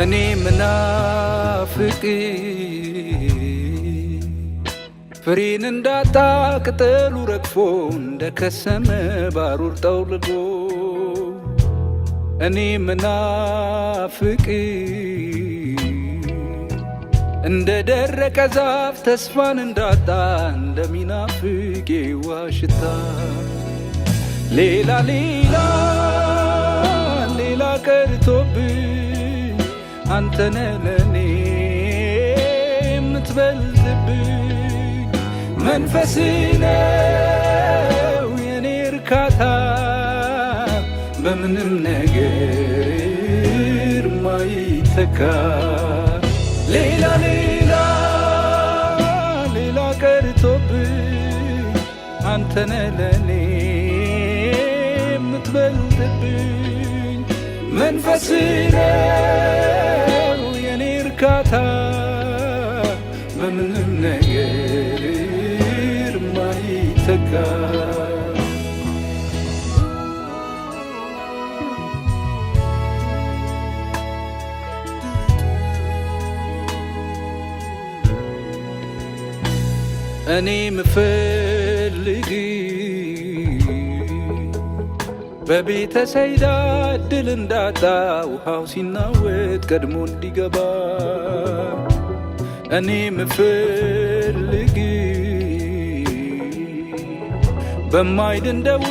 እኔ ምናፍቅ ፍሬን እንዳጣ ቅጠሉ ረግፎ እንደከሰመ ባሩር ጠውልጎ እኔ ምናፍቅ እንደ ደረቀ ዛፍ ተስፋን እንዳጣ እንደሚናፍቅ የዋ ሽታ ሌላ ሌላ ሌላ ቀርቶብኝ አንተነ ለኔ የምትበልጥብኝ መንፈስ ነው የኔ እርካታ በምንም ነገር ማይተካ ሌላ ሌላ ሌላ ቀርቶብኝ አንተነ ለኔ የምትበልጥብኝ መንፈስ ነው እርካታ በምንም ነገር የማይተካ እኔ ምፈልግ በቤተ ሰይዳ ድል እንዳጣ ውሃው ሲናወጥ ቀድሞ እንዲገባ እኔ ምፈልግ በማይድን ደዌ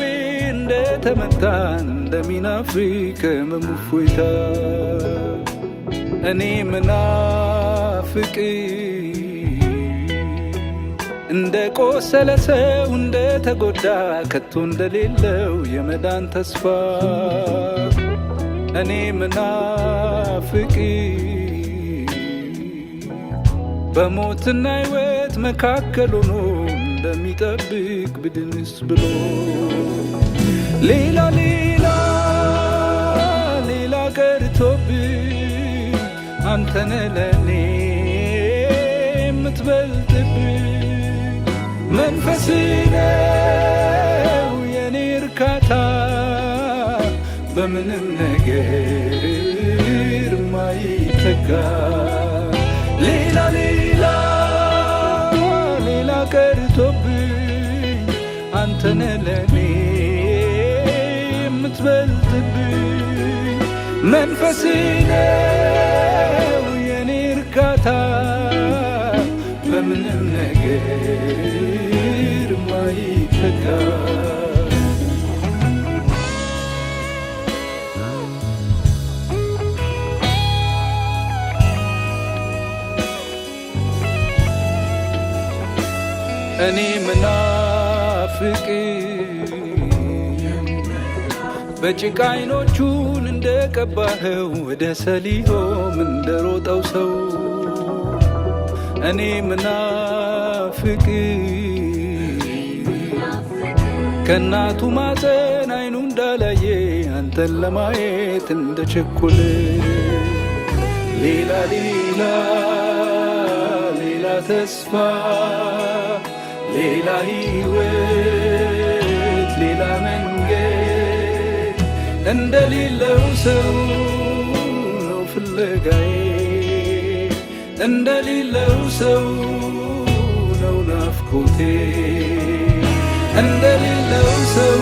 እንደተመታን እንደሚናፍቅ ከሕመሙ እኔ ምናፍቅ እንደ ቆሰለ ሰው እንደ ተጎዳ ከቶ እንደሌለው የመዳን ተስፋ እኔ ምናፍቂ በሞትና ሕይወት መካከል ሆኖ እንደሚጠብቅ ብድንስ ብሎ ሌላ ሌላ ሌላ ቀርቶብኝ አንተነ ለኔ የምትበልጥብኝ መንፈስነ የኔ እርካታ በምንም ነገር ማይተካ ሌላ ሌላ ሌላ ቀርቶብኝ አንተነ ለኔ የምትበልጥብኝ መንፈስነ የኔ እርካታ በምንም ነገር እኔ ምናፍቅ በጭቃ አይኖቹን እንደቀባኸው ወደ ሰሊሆም እንደሮጠው ሰው እኔ ምናፍቅ ከእናቱ ማፀን አይኑ እንዳላየ አንተን ለማየት እንደቸኮለ ሌላ ሌላ ሌላ ተስፋ ሌላ ሕይወት ሌላ መንገድ እንደሌለው ሰው ነው ፍለጋዬ እንደሌለው ሰው ነው ናፍቆቴ እንደሌለው ሰው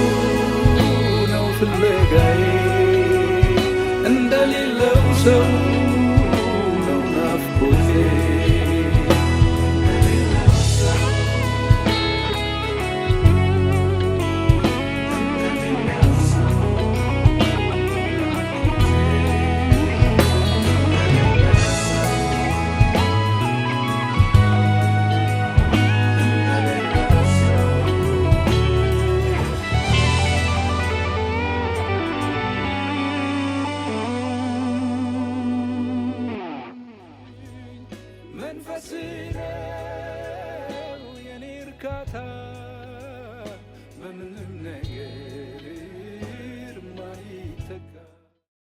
Kolkata.